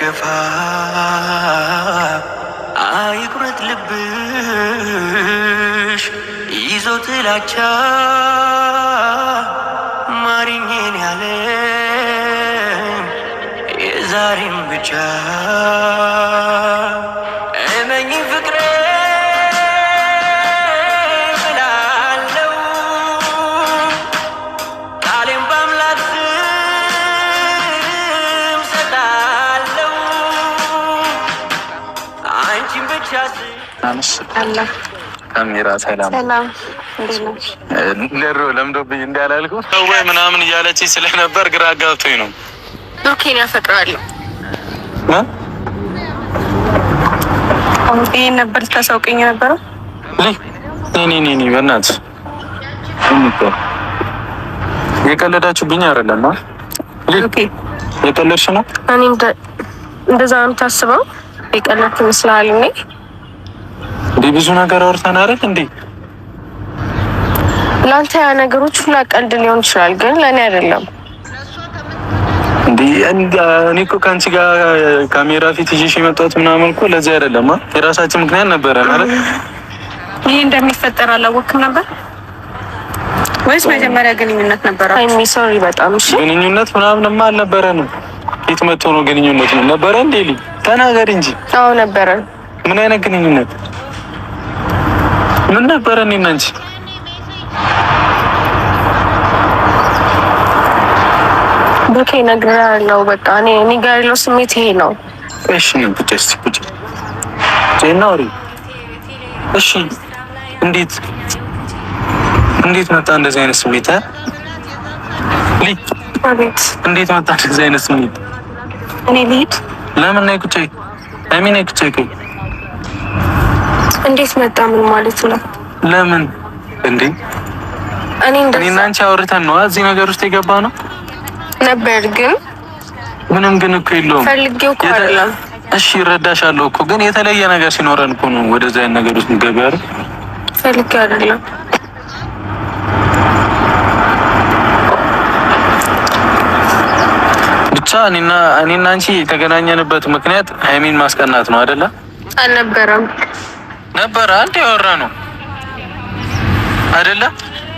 ሲከፋ አይቁረት ልብሽ ይዞ ትላቻ ማሪኝን ያለ የዛሬም ብቻ ነሽ? ካሜራ ሰላም ሰላም፣ ለምዶብኝ እንዳላልኩም ወይ ምናምን እያለች ስለነበር ግራ አጋብቶኝ ነው። ብሩኬን ያፈቅራለሁ ይሄን ነበር ልታሳውቀኝ የነበረው። ኔ ኔ ኔ በእናትህ የቀለዳችሁብኝ አይደለም። የቀለድሽ ነው። እኔ እንደዛ ነው ታስበው የቀለድክ ይመስልሃል እኔ እንዴ ብዙ ነገር አውርተን አይደል እንዴ? ለአንተ ያ ነገሮች ሁላ ቀልድ ሊሆን ይችላል፣ ግን ለእኔ አይደለም። እኔ እኮ ከአንቺ ጋር ካሜራ ፊት ይዤሽ የመጣሁት ምናምን እኮ ለዚህ አይደለም። የራሳችን ምክንያት ነበረ ማለት ይሄ እንደሚፈጠር አላወቅም ነበር ወይስ መጀመሪያ ግንኙነት ነበረ? ሶሪ በጣም እሺ። ግንኙነት ምናምንማ አልነበረንም። የት መጥቶ ነው ግንኙነት ነው ነበረ እንዴ? ተናገሪ እንጂ። አዎ ነበረ። ምን አይነት ግንኙነት ምን ነበረ እና አንቺ ብሩኬ እነግርሃለሁ። በቃ እኔ እኔ ጋር ያለው ስሜት ይሄ ነው። እሺ ቁጭ እስኪ ቁጭ ና አውሪ። እሺ እንዴት እንዴት መጣ እንደዚህ አይነት ስሜት? አቤት እንዴት መጣ እንደዚህ አይነት ስሜት? እኔ ልሂድ። ለምን ነይ ቁጭ አይ፣ አይ፣ ነይ ቁጭ እንዴት መጣ? ምን ማለት ነው? ለምን እንዴ? እኔ እና አንቺ አውርተን ነው እዚህ ነገር ውስጥ የገባ ነው ነበር። ግን ምንም ግን እኮ የለውም። ፈልጌው እኮ አይደለም። እሺ እረዳሻለሁ እኮ ግን የተለየ ነገር ሲኖረን እኮ ነው ወደዚያ ነገር ውስጥ ገበር ፈልጌ አይደለም። ብቻ እኔና እኔና አንቺ የተገናኘንበት ምክንያት ሀይሚን ማስቀናት ነው አይደለ? አልነበረም ነበረ አንድ ያወራ ነው አይደለ?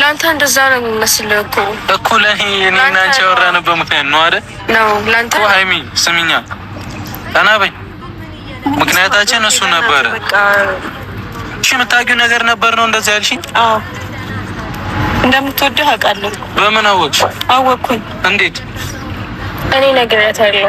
ለአንተ እንደዛ ነው የሚመስለው እኮ እኮ ለእኔ እኔ እና አንቺ ያወራንበት ምክንያት ነው አይደል? ነው ለአንተ ሀይሚ ስሚኛ ጠናበኝ ምክንያታችን እሱ ነበረ። እሺ የምታውቂው ነገር ነበር ነው እንደዚህ ያልሽኝ? አዎ እንደምትወደው አውቃለሁ። በምን አወቅሽ? አወቅኩኝ። እንዴት? እኔ ነግሬያታለሁ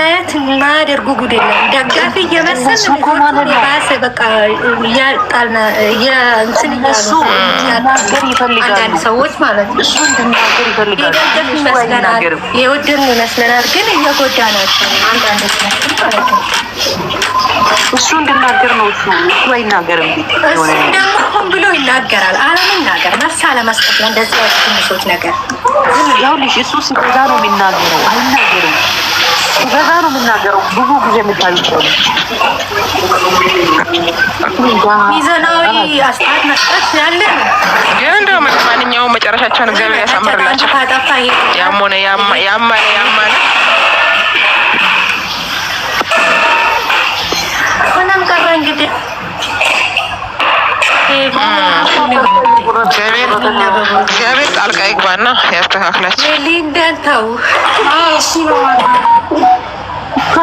እውነት ማደርጉ ጉድ የለም። ደጋፊ እየመሰል ባሰ በቃ እያጣል እንትን እያሉ አንዳንድ ሰዎች ማለት ነው። የደገፍ ይመስለናል፣ የወደን ይመስለናል፣ ግን እየጎዳ ናቸው አንዳንድ እሱ እንድናገር ነው። እሱ እሱ አይናገርም። እሱ ደግሞ ሆን ብሎ ይናገራል። አለመናገር መሳ ለመስጠት ነው። እንደዚህ ትንሾች ነገር ያው ልጅ እሱ ሲበዛ ነው የሚናገረው። አይናገርም እንደዛ ነው የምናገረው። ብዙ ጊዜ የምታዩት ሚዘናዊ አስተያየት መስጠት ያለ ግን ማንኛውም መጨረሻቸውን እግዚአብሔር ያሳምርላቸው። ያም ሆነ ያማ ያማነ ሆነም ቀረ እንግዲህ እግዚአብሔር ጣልቃ ይግባና ያስተካክላቸው።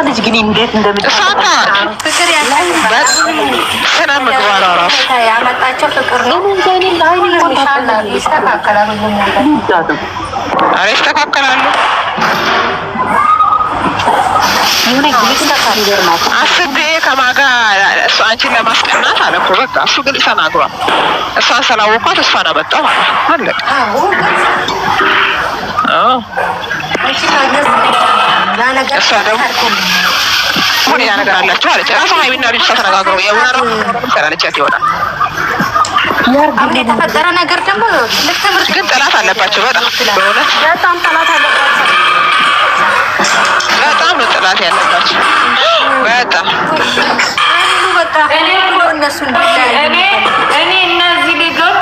ልጅ ግን እንዴት ስነ ምግባር እራሱ ያመጣቸው ከማጋ እሱ አንቺን ለማስቀናት አለ እኮ በቃ እሱ ግልጽ ተናግሯል። እሷን ስላወኳት እሷን አመጣሁ እሷ ደግሞ አላቸው አለች። ራሷ ሀይሚና ልጅቷ ተነጋግረው የውነር ሰላለቻት ይሆናል። የተፈጠረ ነገር ደግሞ ግን ጠላት አለባቸው። በጣም በጣም ጠላት አለባቸው። በጣም ነው ጠላት ያለባቸው። በጣም እኔ እነዚህ ልጆች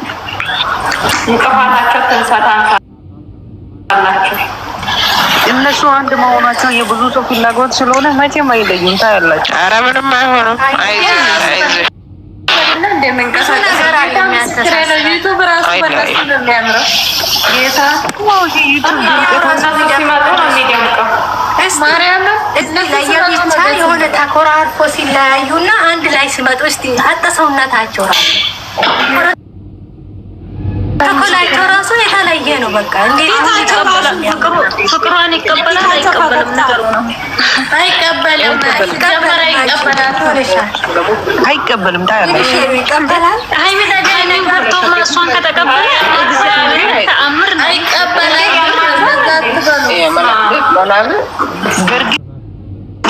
እንቅፋታቸው ተንሳታንሳላቸው እነሱ አንድ መሆናቸው የብዙ ሰው ፍላጎት ስለሆነ መቼም አይለዩም። ታያላቸው። ኧረ ምንም አይሆንም። የሆነ ተኮራርፎ ሲለያዩና አንድ ላይ ሲመጡ እስኪ አጠሰውነታቸው ተኮላቸው ራሱ የተለየ ነው። በቃ እንግዲህ ፍቅሯን ይቀበላል አይቀበልም? ነገሩ ነው። አይቀበልም። አይቀበልም። ከተቀበለ አይቀበልም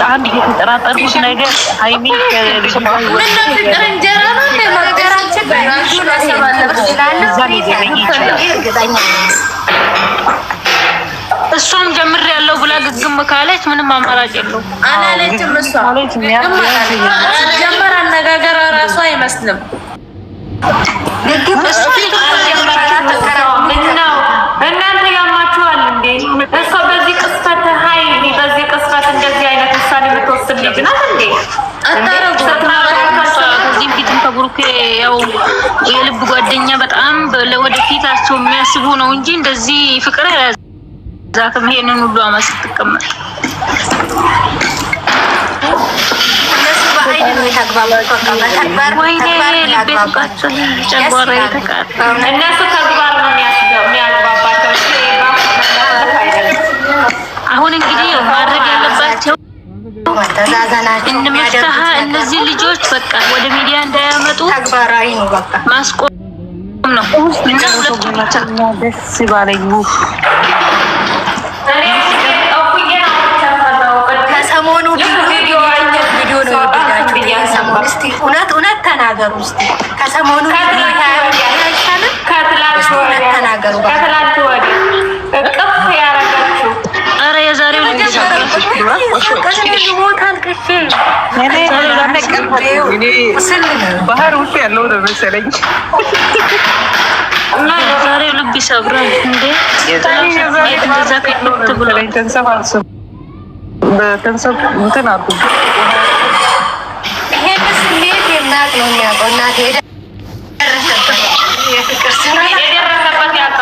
አንድ የተጠራጠርኩት ነገር ሀይሚ እሷም ጀምር ያለው ብላ ግግም ካለች ምንም አማራጭ የለው አላለችም። እሷ ጀመር አነጋገር ራሱ አይመስልም። ልጅ ናት እንዴ? ከዚህም ፊትም ያው የልብ ጓደኛ በጣም ለወደፊታቸው የሚያስቡ ነው እንጂ እንደዚህ ፍቅር ያዛትም። ይሄንን ሁሉ አመት ስትቀመጥ እነሱ ተግባር ነው የሚያስገባባቸው እንመፍትሀ እነዚህ ልጆች በቃ ወደ ሚዲያ እንዳያመጡ ተግባራዊ ነው በቃ ማስቆም ደስ ባለኝ ከሰሞኑ እውነት እውነት ተናገሩ። ከሰሞኑ እውነት ተናገሩ ባህር ውስጥ ያለው ነው መሰለኝ እና ልብ ይሰብራል። እንዴ የደረሰበት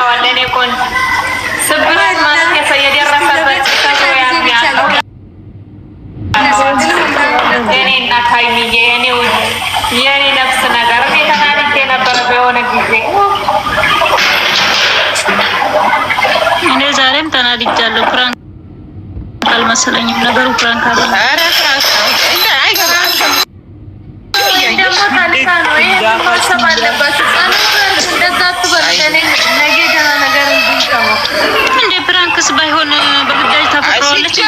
ያውቀዋል። እኔ እኮ ስብራት እና ታይሚዬ የኔ ነፍስ ነገር እኔ ተናድጄ ነበረ በሆነ ጊዜ። እኔ ዛሬም ተናድጃለሁ። ፕራንክ አልመሰለኝም ነገሩ። ፕራንክ አለ እንደ ፕራንክስ ባይሆን በግዳጅ ተፈጥሯለች።